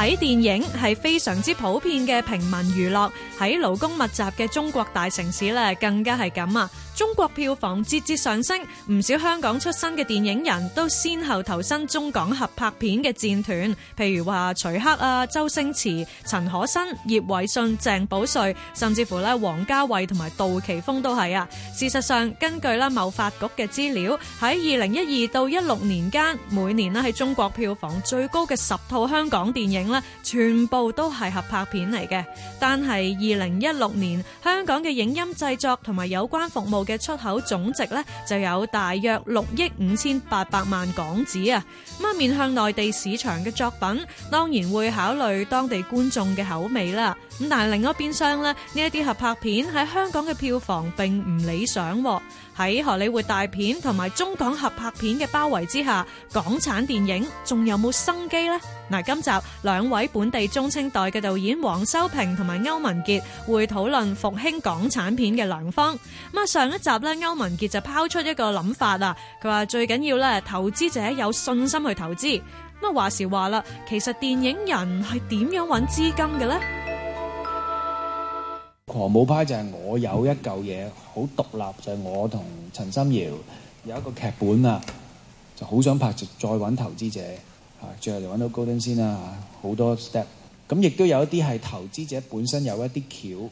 睇電影係非常之普遍嘅平民娛樂，喺勞工密集嘅中國大城市咧，更加係咁啊！中國票房節節上升，唔少香港出身嘅電影人都先後投身中港合拍片嘅戰團，譬如話徐克啊、周星馳、陳可辛、葉偉信、鄭保瑞，甚至乎咧王家衛同埋杜琪峰都係啊。事實上，根據咧貿發局嘅資料，喺二零一二到一六年間，每年咧喺中國票房最高嘅十套香港電影咧，全部都係合拍片嚟嘅。但係二零一六年，香港嘅影音製作同埋有關服務。嘅出口總值咧就有大約六億五千八百萬港紙啊！咁面向內地市場嘅作品，當然會考慮當地觀眾嘅口味啦。咁但係另一邊廂呢，呢一啲合拍片喺香港嘅票房並唔理想喎。喺荷里活大片同埋中港合拍片嘅包圍之下，港產電影仲有冇生機呢？嗱，今集兩位本地中青代嘅導演黃修平同埋歐文傑會討論復興港產片嘅良方。咁啊，上一集呢，歐文傑就拋出一個諗法啊，佢話最緊要咧，投資者有信心去投資。咁啊，話時話啦，其實電影人係點樣揾資金嘅呢？狂舞派就係我有一嚿嘢好獨立，就係、是、我同陳心遙有一個劇本啊，就好想拍就再揾投資者啊，最後嚟揾到高登先啦，好多 step。咁亦都有一啲係投資者本身有一啲橋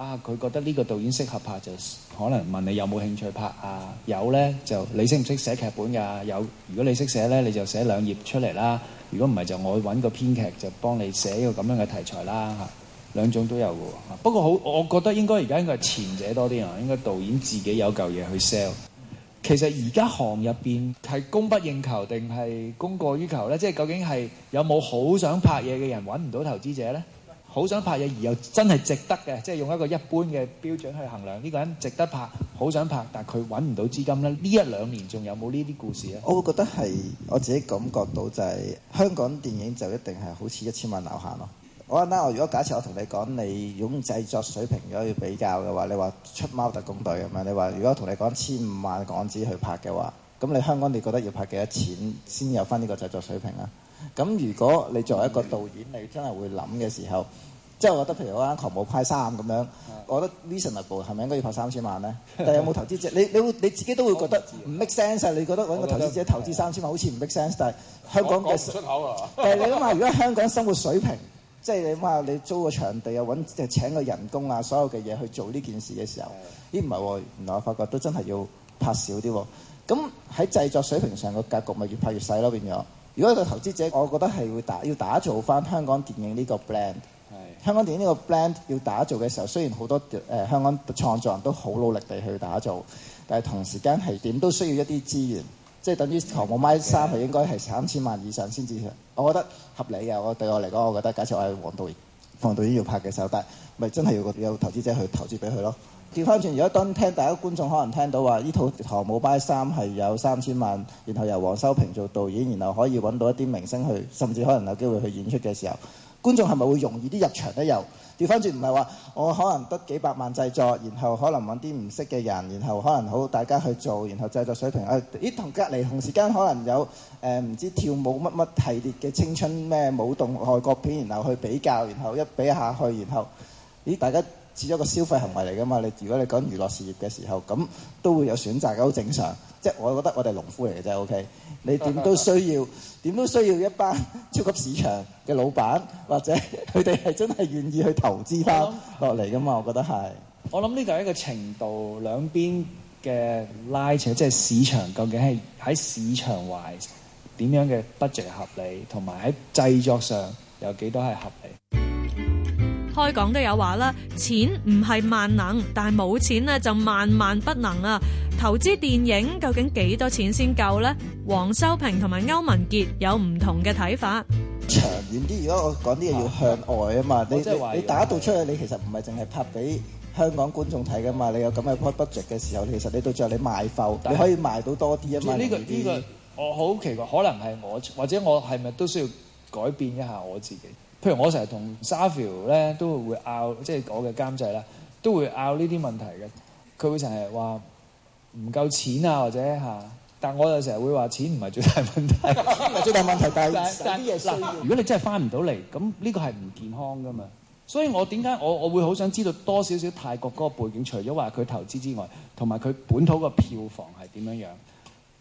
啊，佢覺得呢個導演適合拍，就可能問你有冇興趣拍啊？有呢，就你識唔識寫劇本㗎？有，如果你識寫呢，你就寫兩頁出嚟啦。如果唔係，就我揾個編劇就幫你寫一個咁樣嘅題材啦。啊。兩種都有嘅喎，不過好，我覺得應該而家應該係前者多啲啊，應該導演自己有嚿嘢去 sell、嗯。其實而家行入邊係供不應求定係供過於求呢？即係究竟係有冇好想拍嘢嘅人揾唔到投資者呢？好想拍嘢而又真係值得嘅，即係用一個一般嘅標準去衡量，呢、這個人值得拍，好想拍，但佢揾唔到資金呢？呢一兩年仲有冇呢啲故事咧？我會覺得係我自己感覺到就係、是、香港電影就一定係好似一千萬樓下咯。我嗱，我如果假設我同你講，你用製作水平如果要比較嘅話，你話《出貓特工隊》咁 樣，你話如果同你講千五萬港紙去拍嘅話，咁你香港你覺得要拍幾多錢先有返呢個製作水平啊？咁如果你作為一個導演，嗯、你真係會諗嘅時候，即、就、係、是、我覺得譬如我啱啱《狂舞派3》咁樣、嗯，我覺得 reasonable 係咪應該要拍三千萬呢？ 但係有冇投資者？你你會你自己都會覺得唔 make sense。你覺得揾個投資者投資三千萬好似唔 make sense。但係香港嘅出口啊， 但你諗下，如果香港生活水平？即係你諗你租個場地又搵，請個請個人工啊，所有嘅嘢去做呢件事嘅時候，是咦唔係喎，原來我發覺都真係要拍少啲喎。咁喺製作水平上個格局咪越拍越細咯，變咗。如果個投資者，我覺得係要打要打造翻香港電影呢個 brand。香港電影呢個 brand 要打造嘅時候，雖然好多、呃、香港嘅創作人都好努力地去打造，但係同時間係點都需要一啲資源。即係等於《狂舞派》三係應該係三千萬以上先至，我覺得合理嘅。我對我嚟講，我覺得假設我係黃導演、黃導演要拍嘅時候，但係咪真係要有投資者去投資俾佢咯？調翻轉如果當聽大家觀眾可能聽到話呢套《狂舞派》三係有三千萬，然後由黃修平做導演，然後可以揾到一啲明星去，甚至可能有機會去演出嘅時候，觀眾係咪會容易啲入場呢？又？調翻轉唔係話我可能得幾百萬製作，然後可能揾啲唔識嘅人，然後可能好大家去做，然後製作水平咦同隔離同時間可能有誒唔、呃、知跳舞乜乜系列嘅青春咩舞動外國片，然後去比較，然後一比下去，然後咦大家似咗個消費行為嚟㗎嘛？你如果你講娛樂事業嘅時候，咁都會有選擇嘅，好正常。即係我覺得我哋農夫嚟嘅啫，O K。OK? 你點都需要，點 都需要一班超級市場嘅老闆，或者佢哋係真係願意去投資翻落嚟噶嘛？我覺得係 。我諗呢個係一個程度，兩邊嘅拉扯，即係市場究竟係喺市場 wise 點樣嘅 budget 合理，同埋喺製作上有幾多係合理。開講都有話啦，錢唔係萬能，但係冇錢咧就萬萬不能啊！投資電影究竟幾多錢先夠咧？黃修平同埋歐文傑有唔同嘅睇法。長遠啲，如果我講啲嘢，要向外啊嘛，你你，即係話你打到出去，是你其實唔係淨係拍俾香港觀眾睇噶嘛的。你有咁嘅 budget 嘅時候，其實你對住你賣埠，你可以賣到多啲啊嘛。呢、呢個呢、呢個呢個，我好奇怪，可能係我或者我係咪都需要改變一下我自己？譬如我成日同 Savio 咧都會拗，即係我嘅監製啦，都會拗呢啲問題嘅。佢會成日話唔夠錢啊，或者吓，但係我又成日會話錢唔係最大問題，唔 係最大問題， 但但,但,但如果你真係翻唔到嚟，咁呢個係唔健康噶嘛。 所以我點解我我會好想知道多少少泰國嗰個背景，除咗話佢投資之外，同埋佢本土個票房係點樣樣？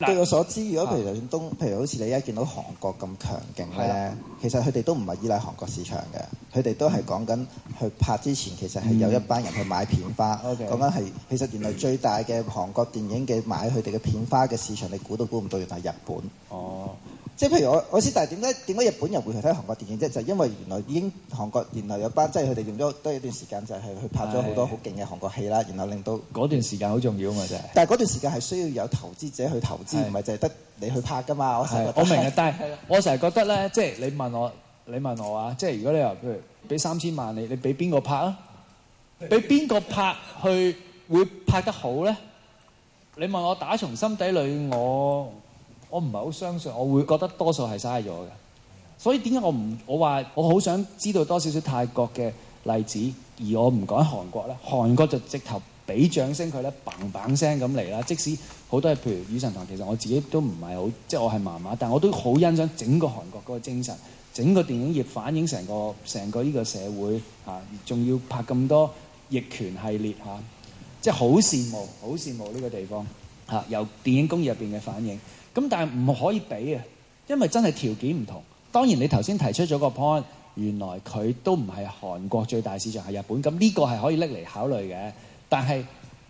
據我所知，如果譬如就譬如好似你而家見到韓國咁強勁呢，其實佢哋都唔係依賴韓國市場嘅，佢哋都係講緊去拍之前，其實係有一班人去買片花，講緊係其實原來最大嘅韓國電影嘅買佢哋嘅片花嘅市場，你估都估唔到原來係日本。哦。即係譬如我，我知，但係點解點解日本人會去睇韓國電影？即係就因為原來已經韓國原來有班，即係佢哋用咗都一段時間，就係去拍咗好多好勁嘅韓國戲啦。然後令到嗰段時間好重要啊嘛，就係。但係嗰段時間係需要有投資者去投資，唔係就係得你去拍㗎嘛。我成日覺得。我明啊，但係我成日覺得咧，即係你問我，你問我啊，即係如果你話譬如俾三千萬你，你俾邊個拍啊？俾邊個拍去會拍得好咧？你問我打從心底裡我。我唔係好相信，我會覺得多數係嘥咗嘅。所以點解我唔我話我好想知道多少少泰國嘅例子，而我唔講韓國咧？韓國就直頭俾掌聲佢咧，砰砰聲咁嚟啦。即使好多係，譬如雨神堂，其實我自己都唔係好即係我係麻麻，但我都好欣賞整個韓國嗰個精神，整個電影業反映成個成個呢個社會嚇，仲要拍咁多逆權系列嚇，即係好羨慕好羨慕呢個地方嚇，由電影工業入邊嘅反映。咁但係唔可以俾啊，因為真係條件唔同。當然你頭先提出咗個 point，原來佢都唔係韓國最大市場，係日本。咁呢個係可以拎嚟考慮嘅。但係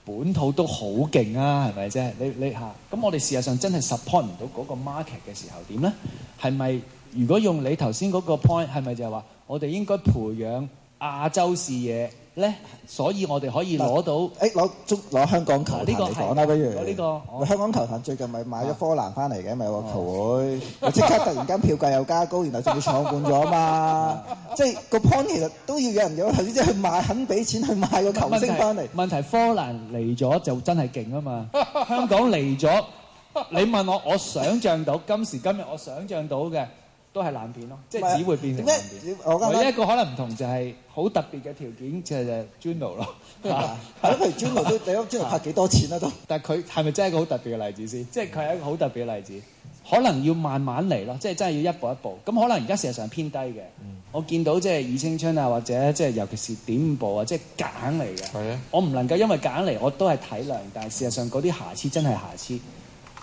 本土都好勁啊，係咪啫？你你吓，咁我哋事實上真係 support 唔到嗰個 market 嘅時候點呢？係咪如果用你頭先嗰個 point，係咪就係話我哋應該培養亞洲視野？咧，所以我哋可以攞到，誒攞足攞香港球。嗱呢個係，呢個香港球壇最近咪買咗科蘭翻嚟嘅，咪個球會，即刻突然間票價又加高，然後仲要坐滿咗嘛。即係個 point，其實都要有人有肯即係買，肯俾錢去買個球星翻嚟。問題，科蘭嚟咗就真係勁啊嘛，香港嚟咗，你問我，我想像到今時今日，我想像到嘅。都係爛片咯，即係只會變成爛片。我剛剛唯一一個可能唔同就係好特別嘅條件就係 Juno 咯。係咯，Juno 都， 你喺 Juno 拍幾多錢啦、啊，都 但係佢係咪真係一個好特別嘅例子先？即係佢係一個好特別嘅例子， 是是例子 可能要慢慢嚟咯。即、就、係、是、真係要一步一步咁。可能而家事實上偏低嘅、嗯。我見到即係《二青春》啊，或者即係尤其是《點五步》啊、就是，即係揀嚟嘅。係啊，我唔能夠因為揀嚟我都係體諒，但係事實上嗰啲瑕疵真係瑕疵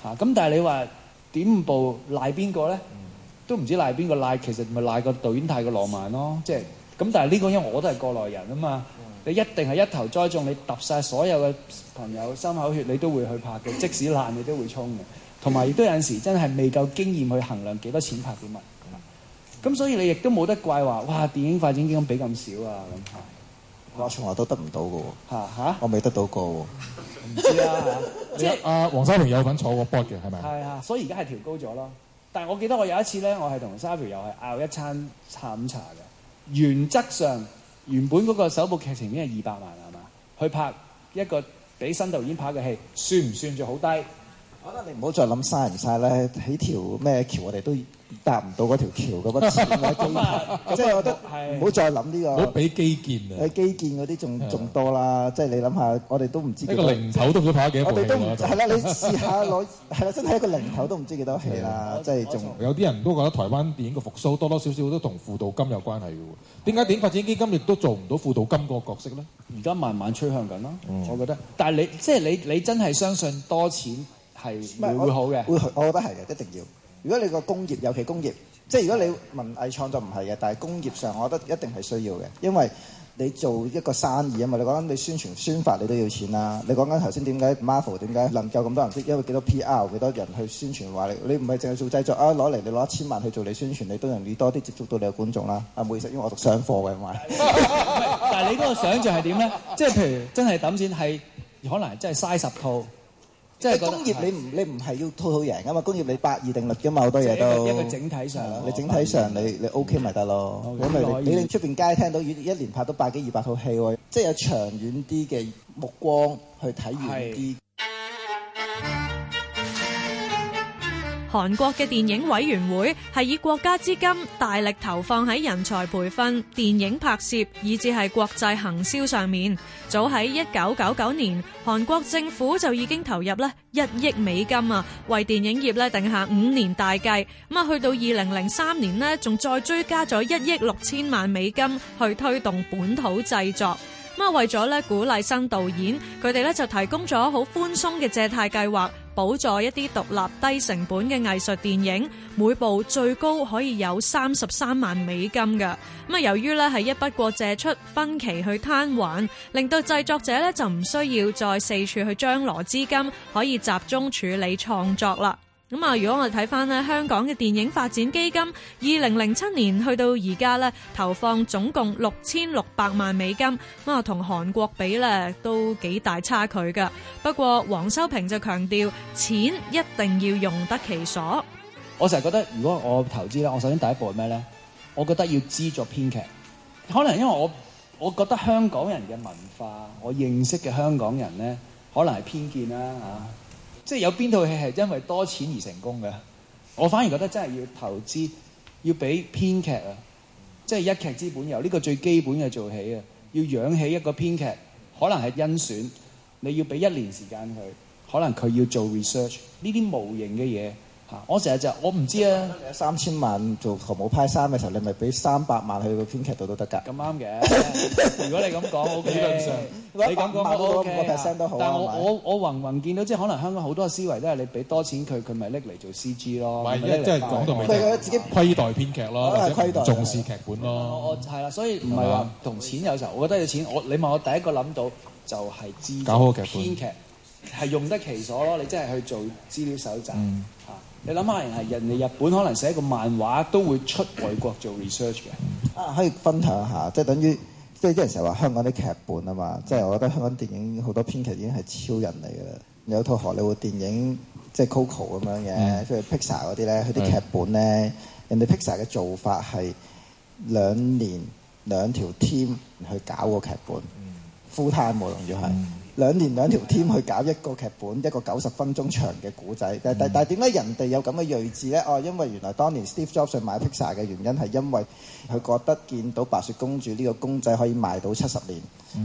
嚇。咁、嗯嗯、但係你話《點五步》賴邊個咧？嗯都唔知賴邊個賴，其實咪賴個導演太過浪漫咯，即係咁。但係呢個因為我都係過來人啊嘛，你一定係一頭栽中，你揼晒所有嘅朋友心口血，你都會去拍嘅。即使爛，你都會衝嘅。同埋亦都有陣時候真係未夠經驗去衡量幾多錢拍幾物。咁、嗯、所以你亦都冇得怪話，哇！電影發展基金俾咁少啊咁，我、啊、從來都得唔到嘅喎嚇我未得到過喎。唔知啊，即係阿黃修平有份坐過 board 嘅係咪？係啊，所以而家係調高咗咯。但我記得我有一次呢，我係同沙皮又係拗一餐下午茶嘅。原則上，原本嗰個首部劇情片係二百萬係嘛，去拍一個俾新導演拍嘅戲，算唔算住好低？可能你唔好再諗嘥唔曬咧，起條咩橋，我哋都搭唔到嗰條橋嗰個錢嘅 即係我都，唔好再諗呢、呢個。好比基建啊！喺基建嗰啲仲仲多啦，即係你諗下，我哋都唔知道一個零頭都唔知拍幾多部。我哋都係啦，你試下攞係啦，真係一個零頭都唔知幾多戲啦，即係仲有啲人都覺得台灣電影嘅復甦多多少少都同輔導金有關係嘅喎。點解電影發展基金亦都做唔到輔導金個角色咧？而家慢慢吹向緊啦、嗯，我覺得。但係你即係、就是、你，你真係相信多錢？係會好嘅，會我覺得係嘅，一定要。如果你個工業，尤其工業，即係如果你文藝創作唔係嘅，但係工業上，我覺得一定係需要嘅，因為你做一個生意啊嘛。你講緊你宣傳宣發，你都要錢啦、啊。你講緊頭先點解 Marvel 點解能夠咁多人識，因為幾多 PR 幾多人去宣傳話你，你唔係淨係做製作啊，攞嚟你攞一千萬去做你宣傳，你都容易多啲接觸到你嘅觀眾啦、啊。啊，唔好意思，因為我讀商科嘅嘛。係咪？ 但係你嗰個想像係點咧？即、就、係、是、譬如真係抌錢係可能真係嘥十套。即係工業你唔你唔係要套套贏啊嘛！工業你百二定律啫嘛，好多嘢都因為整體上、哦哦，你整體上你你，你 OK 咪得咯。咁咪、okay，你 okay, 你出邊、okay。街聽到一一年拍到百幾二百套戲，即係有長遠啲嘅目光去睇遠啲。韓國嘅電影委員會係以國家資金大力投放喺人才培訓、電影拍攝以至係國際行銷上面。早喺一九九九年，韓國政府就已經投入咧一億美金啊，為電影業咧定下五年大計。咁啊，去到二零零三年咧，仲再追加咗一億六千萬美金去推動本土製作。咁啊，為咗咧鼓勵新導演，佢哋咧就提供咗好寬鬆嘅借貸計劃。補助一啲獨立低成本嘅藝術電影，每部最高可以有三十三萬美金㗎。咁啊，由於咧係一筆過借出分期去攤還，令到製作者呢就唔需要再四處去張羅資金，可以集中處理創作啦。咁啊，如果我哋睇翻咧，香港嘅電影發展基金，二零零七年去到而家咧，投放總共六千六百萬美金，咁啊，同韓國比咧都幾大差距噶。不過黃修平就強調，錢一定要用得其所。我成日覺得，如果我投資咧，我首先第一步係咩咧？我覺得要資助編劇，可能因為我我覺得香港人嘅文化，我認識嘅香港人咧，可能係偏見啦吓。啊即係有邊套戲係因為多錢而成功嘅？我反而覺得真係要投資，要俾編劇啊！即係一劇之本，由呢個最基本嘅做起啊！要養起一個編劇可能係甄選，你要俾一年時間佢，可能佢要做 research，呢啲無形嘅嘢。我成日就我唔知啊。三千萬做《寒武派三》嘅時候，你咪俾三百萬去個編劇度都得㗎。咁啱嘅。如果你咁講，我 理、okay，論上100，你講百萬個 percent 都好。但我我我暈暈見到即係可能香港好多思維都係你俾多錢佢，佢咪拎嚟做 CG 咯，唔係即係講到未？自己虧待編劇咯、啊，或者重視劇本咯、啊嗯。我我係啦，所以唔係話同錢有時候，我覺得有錢。我你問我第一個諗到就係資料搞好劇本編劇，係用得其所咯。你真係去做資料搜集你諗下，人哋日本可能寫一個漫畫都會出外國做 research 嘅。啊，可以分享下，即係等於，即係啲人成日話香港啲劇本啊嘛，即係我覺得香港電影好多編劇已經係超人嚟㗎啦。有套荷里活電影，即係 Coco 咁樣嘅，即、嗯、係 Pixar 嗰啲咧，佢啲劇本咧，嗯、人哋 Pixar 嘅做法係兩年兩條 team 去搞個劇本，full time 負態模樣要係。嗯兩年兩條 team 去搞一個劇本，一個九十分鐘長嘅古仔。但係、嗯、但係點解人哋有咁嘅睿智呢？哦，因為原來當年 Steve Jobs 買 Pixar 嘅原因係因為佢覺得見到白雪公主呢、這個公仔可以賣到七十年。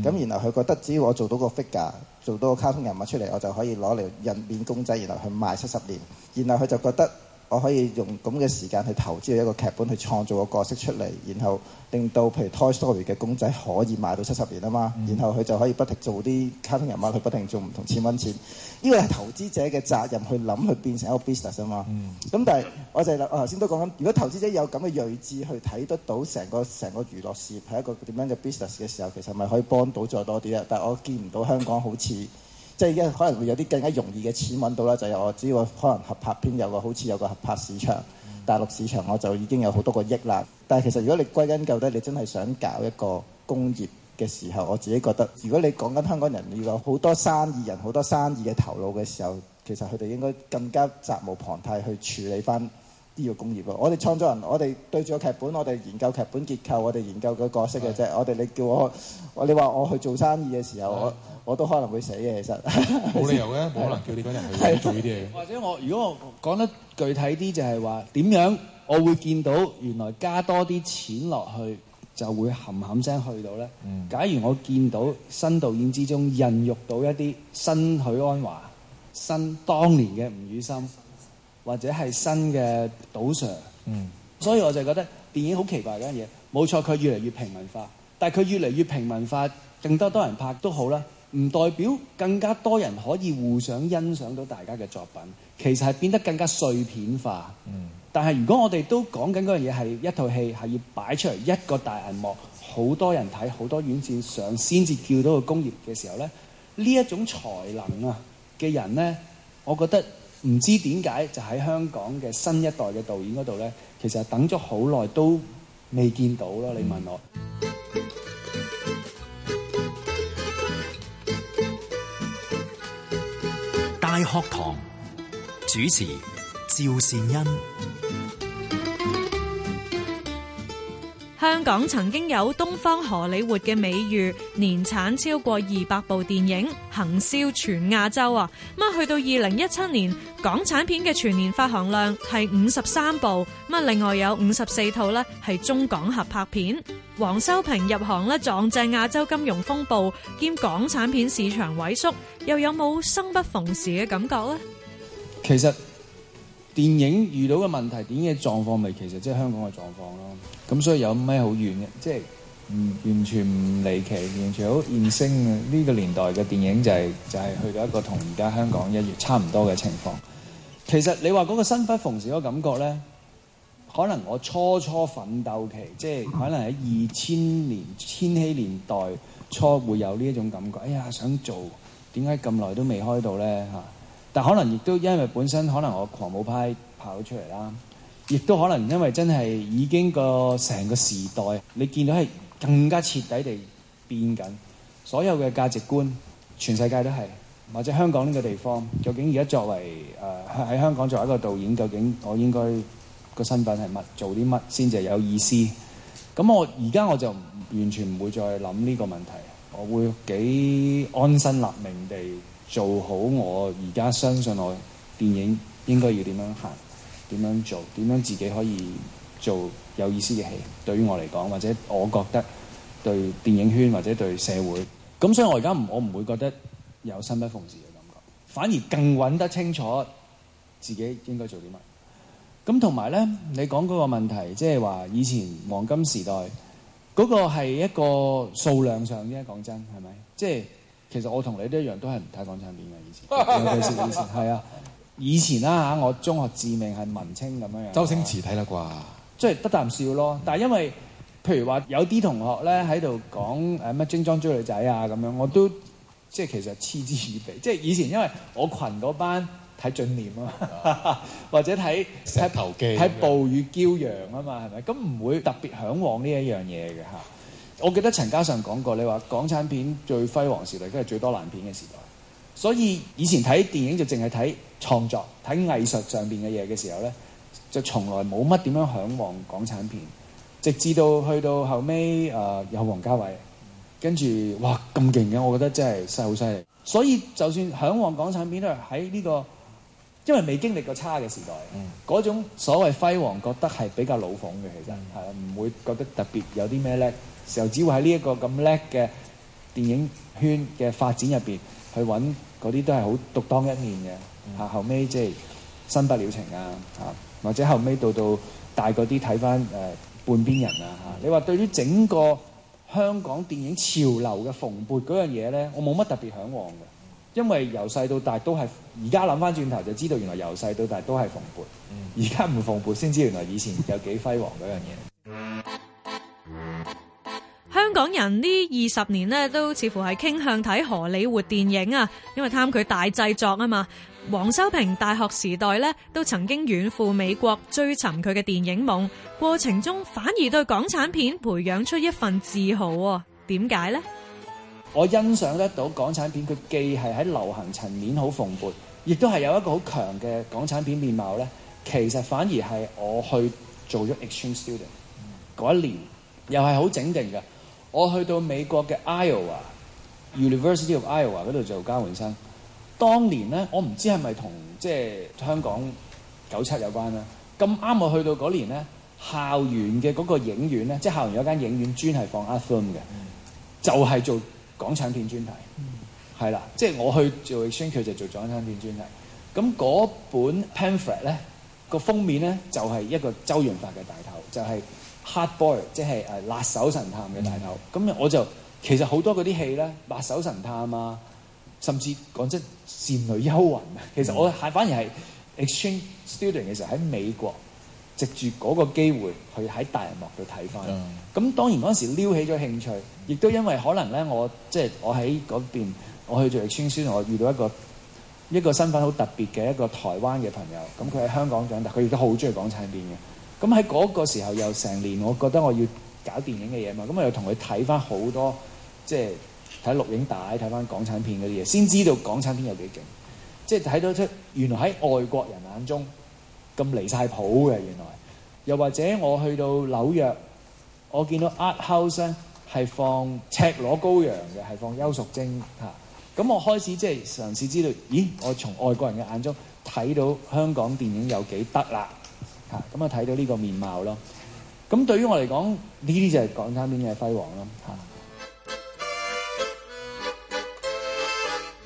咁、嗯、然後佢覺得只要我做到個 figure 做到個卡通人物出嚟，我就可以攞嚟印面公仔，然後去賣七十年。然後佢就覺得。我可以用咁嘅時間去投資一個劇本，去創造個角色出嚟，然後令到譬如 Toy Story 嘅公仔可以賣到七十年啊嘛、嗯，然後佢就可以不停做啲卡通人物，佢不停做唔同錢、蚊錢。呢、這個係投資者嘅責任去諗，去變成一個 business 啊、嗯、嘛。咁但係我就係我頭先都講緊，如果投資者有咁嘅睿智去睇得到成個成個娛樂事業係一個點樣嘅 business 嘅時候，其實咪可以幫到再多啲啊。但係我見唔到香港好似。即係可能會有啲更加容易嘅錢揾到啦，就係、是、我只要可能合拍片有個好似有個合拍市場，mm -hmm. 大陸市場我就已經有好多個億啦。但係其實如果你歸根究底，你真係想搞一個工業嘅時候，我自己覺得，如果你講緊香港人，要有好多生意人、好多生意嘅頭腦嘅時候，其實佢哋應該更加責無旁貸去處理翻呢個工業咯。我哋創作人，我哋對住個劇本，我哋研究劇本結構，我哋研究個角色嘅啫。Yeah. 我哋你叫我，你話我去做生意嘅時候，yeah. 我。我都可能會死嘅，其實冇理由嘅，冇 可能叫你嗰人去做呢啲嘢。或者我如果我講得具體啲，就係話點樣，我會見到原來加多啲錢落去就會冚冚聲去到咧、嗯。假如我見到新導演之中孕育到一啲新許鞍華、新當年嘅吳宇森，或者係新嘅杜 Sir，所以我就覺得電影好奇怪嗰樣嘢。冇錯，佢越嚟越平民化，但佢越嚟越平民化，更多多人拍都好啦。唔代表更加多人可以互相欣賞到大家嘅作品，其實，係變得更加碎片化。嗯。但係，如果我哋都講緊嗰樣嘢係一套戲，係要擺出嚟一個大銀幕，好多人睇，好多院線上先至叫到個工業嘅時候咧，呢一種才能啊嘅人咧，我覺得唔知點解就喺香港嘅新一代嘅導演嗰度咧，其實等咗好耐都未見到咯。你問我。嗯學堂主持趙善恩。香港曾經有東方荷里活嘅美譽，年產超過二百部電影，行銷全亞洲啊！咁去到二零一七年，港產片嘅全年發行量係五十三部，咁另外有五十四套呢，係中港合拍片。黃修平入行咧，撞正亞洲金融風暴兼港產片市場萎縮，又有冇生不逢時嘅感覺咧？其實電影遇到嘅問題，電影嘅狀況咪其實即係香港嘅狀況咯。咁所以有咩好怨嘅？即係，嗯，完全唔離奇，完全好現實啊！呢個年代嘅電影就係就係去到一個同而家香港一月差唔多嘅情況。其實你話嗰個生不逢時嗰感覺咧？可能我初初奮鬥期，即係可能喺二千年千禧年代初會有呢一種感覺，哎呀，想做，點解咁耐都未開到咧？吓，但可能亦都因為本身可能我狂舞派跑咗出嚟啦，亦都可能因為真係已經個成個時代，你見到係更加徹底地變緊所有嘅價值觀，全世界都係或者香港呢個地方，究竟而家作為誒喺香港作為一個導演，究竟我應該。個身份係乜？做啲乜先至有意思？咁我而家我就完全唔會再諗呢個問題。我會幾安身立命地做好我而家相信我電影應該要點樣行、點樣做、點樣自己可以做有意思嘅戲。對於我嚟講，或者我覺得對電影圈或者對社會，咁所以我而家唔我唔會覺得有身不逢時嘅感覺，反而更揾得清楚自己應該做啲乜。咁同埋咧，你講嗰個問題，即係話以前黃金時代嗰、那個係一個數量上咧，講真係咪？即係、就是、其實我同你都一樣，都係唔睇港產片嘅。以前尤其係以前係 啊，以前啦、啊、嚇，我中學致命係文青咁樣。周星馳睇啦啩？即係得啖笑咯。但係因為譬如話有啲同學咧喺度講誒乜精裝追女仔啊咁樣，我都即係、就是、其實嗤之以鼻。即、就、係、是、以前因為我群嗰班。睇進念啊，或者睇石頭記，睇暴雨驕陽啊嘛，係咪？咁唔會特別嚮往呢一樣嘢嘅嚇。我記得陳嘉上講過，你話港產片最輝煌時代，都係最多爛片嘅時代。所以以前睇電影就淨係睇創作、睇藝術上邊嘅嘢嘅時候呢，就從來冇乜點樣嚮往港產片。直至到去到後尾誒、呃、有王家衞，跟住哇咁勁嘅，我覺得真係犀好犀利。所以就算嚮往港產片都係，喺呢個。因為未經歷過差嘅時代，嗰、嗯、種所謂輝煌覺得係比較老馮嘅，其實係唔、嗯、會覺得特別有啲咩叻。時候只會喺呢一個咁叻嘅電影圈嘅發展入邊去揾嗰啲都係好獨當一面嘅。嚇、嗯、後尾即係新不了情啊！嚇或者後尾到到大嗰啲睇翻誒半邊人啊！嚇、嗯、你話對於整個香港電影潮流嘅蓬勃嗰樣嘢咧，我冇乜特別向往嘅。因為由細到大都係，而家諗翻轉頭就知道原來由細到大都係蓬勃。而家唔蓬勃，先知原來以前有幾輝煌嗰樣嘢、嗯。香港人呢二十年呢，都似乎係傾向睇荷里活電影啊，因為貪佢大製作啊嘛。黃修平大學時代呢，都曾經遠赴美國追尋佢嘅電影夢，過程中反而對港產片培養出一份自豪喎、啊。點解呢？我欣賞得到港產片，佢既係喺流行層面好蓬勃，亦都係有一個好強嘅港產片面貌呢，其實反而係我去做咗 exchange student 嗰、mm -hmm. 一年，又係好整定嘅。我去到美國嘅 Iowa University of Iowa 嗰度做交換生。當年呢我唔知係咪同即係香港九七有關啦。咁啱我去到嗰年呢，校園嘅嗰個影院呢，即係校園有一間影院專係放 art film 嘅，mm -hmm. 就係做。港產片專題，係啦，即係我去做 exchange，佢就做咗港產片專題。咁嗰本 pamphlet 咧，個封面咧就係一個周潤發嘅大頭，就係 hard boiled，即係誒辣手神探嘅大頭。咁我就其實好多嗰啲戲咧，辣手神探啊，甚至講真，倩女幽魂啊，其實我係反而係 exchange student 嘅時候喺美國。藉住嗰個機會去喺大人幕度睇翻，咁、嗯、當然嗰時時撩起咗興趣，亦都因為可能呢，我即係、就是、我喺嗰邊，我去做 e 春 c 我遇到一個一個身份好特別嘅一個台灣嘅朋友，咁佢喺香港長大，佢亦都好中意港產片嘅。咁喺嗰個時候又成年，我覺得我要搞電影嘅嘢嘛，咁我又同佢睇翻好多即係睇錄影帶、睇翻港產片嗰啲嘢，先知道港產片有幾勁，即係睇到出原來喺外國人眼中，咁離曬譜嘅原來，又或者我去到紐約，我見到 Art House 咧係放赤裸羔羊嘅，係放邱淑貞嚇，咁我開始即係嘗試知道，咦？我從外國人嘅眼中睇到香港電影有幾得啦嚇，咁啊睇到呢個面貌咯。咁對於我嚟講，呢啲就係港產片嘅輝煌咯嚇。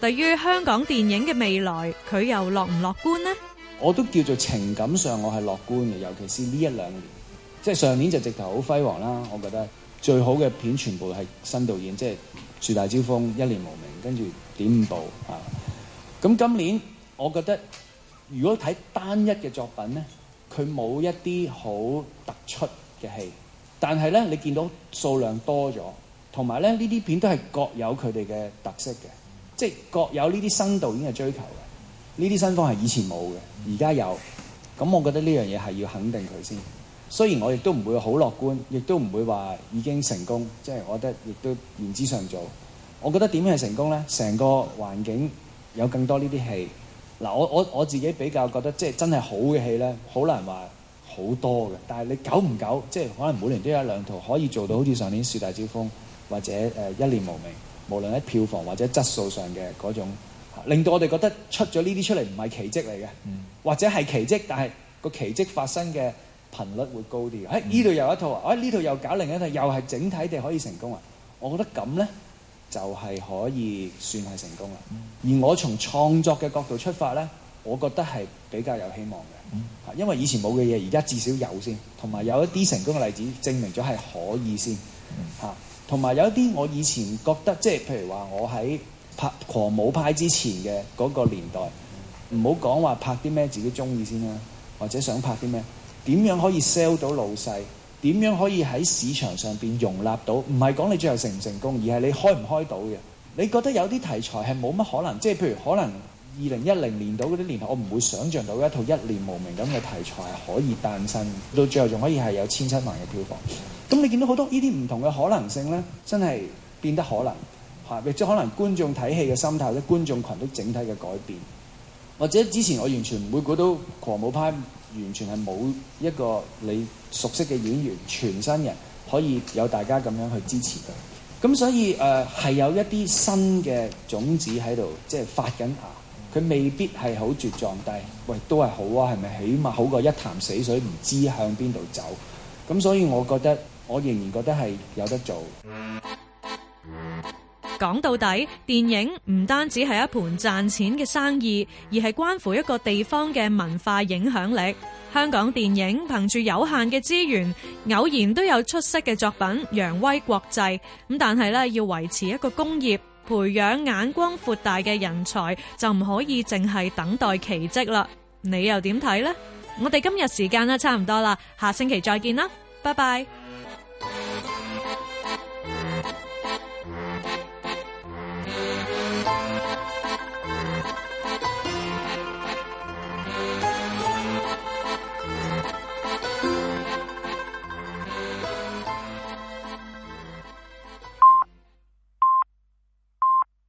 對於香港電影嘅未來，佢又樂唔樂觀呢？我都叫做情感上我係樂觀嘅，尤其是呢一兩年，即係上年就直頭好輝煌啦。我覺得最好嘅片全部係新導演，即係樹大招風，一念無明，跟住點五步啊。咁今年我覺得，如果睇單一嘅作品咧，佢冇一啲好突出嘅戲，但係咧你見到數量多咗，同埋咧呢啲片都係各有佢哋嘅特色嘅，即係各有呢啲新導演嘅追求。呢啲新方係以前冇嘅，而家有，咁我覺得呢樣嘢係要肯定佢先。雖然我亦都唔會好樂觀，亦都唔會話已經成功，即係我覺得亦都言之尚早。我覺得點樣係成功呢？成個環境有更多呢啲戲。嗱，我我我自己比較覺得，即係真係好嘅戲呢，好難話好多嘅。但係你久唔久，即係可能每年都有一兩套可以做到好似上年《樹大招風》或者誒《一念無明》，無論喺票房或者質素上嘅嗰種。令到我哋覺得出咗呢啲出嚟唔係奇蹟嚟嘅、嗯，或者係奇蹟，但係個奇蹟發生嘅頻率會高啲。哎、啊，呢度又一套，哎呢度又搞另一套，又係整體地可以成功啊！我覺得咁呢，就係、是、可以算係成功啦、嗯。而我從創作嘅角度出發呢，我覺得係比較有希望嘅、嗯，因為以前冇嘅嘢，而家至少有先，同埋有一啲成功嘅例子證明咗係可以先，同、嗯、埋、啊、有一啲我以前覺得，即係譬如話我喺拍狂舞派之前嘅嗰個年代，唔好講話，拍啲咩自己中意先啦，或者想拍啲咩，點樣可以 sell 到老細，點樣可以喺市場上邊容納到？唔係講你最後成唔成功，而係你開唔開到嘅。你覺得有啲題材係冇乜可能，即係譬如可能二零一零年度嗰啲年頭，我唔會想象到一套一念無明咁嘅題材可以誕生，到最後仲可以係有千七萬嘅票房。咁你見到好多呢啲唔同嘅可能性咧，真係變得可能。吓！亦即可能觀眾睇戲嘅心態咧，觀眾群的整體嘅改變，或者之前我完全唔會估到狂舞派完全係冇一個你熟悉嘅演員，全新人可以有大家咁樣去支持佢。咁所以誒係、呃、有一啲新嘅種子喺度，即係發緊芽。佢未必係好茁壯，但係喂都係好啊，係咪？起碼好過一潭死水，唔知向邊度走。咁所以我覺得，我仍然覺得係有得做。講到底，電影唔單止係一盤賺錢嘅生意，而係關乎一個地方嘅文化影響力。香港電影憑住有限嘅資源，偶然都有出色嘅作品，揚威國際。咁但係咧，要維持一個工業，培養眼光闊大嘅人才，就唔可以淨係等待奇跡啦。你又點睇呢？我哋今日時間啊，差唔多啦，下星期再見啦，拜拜。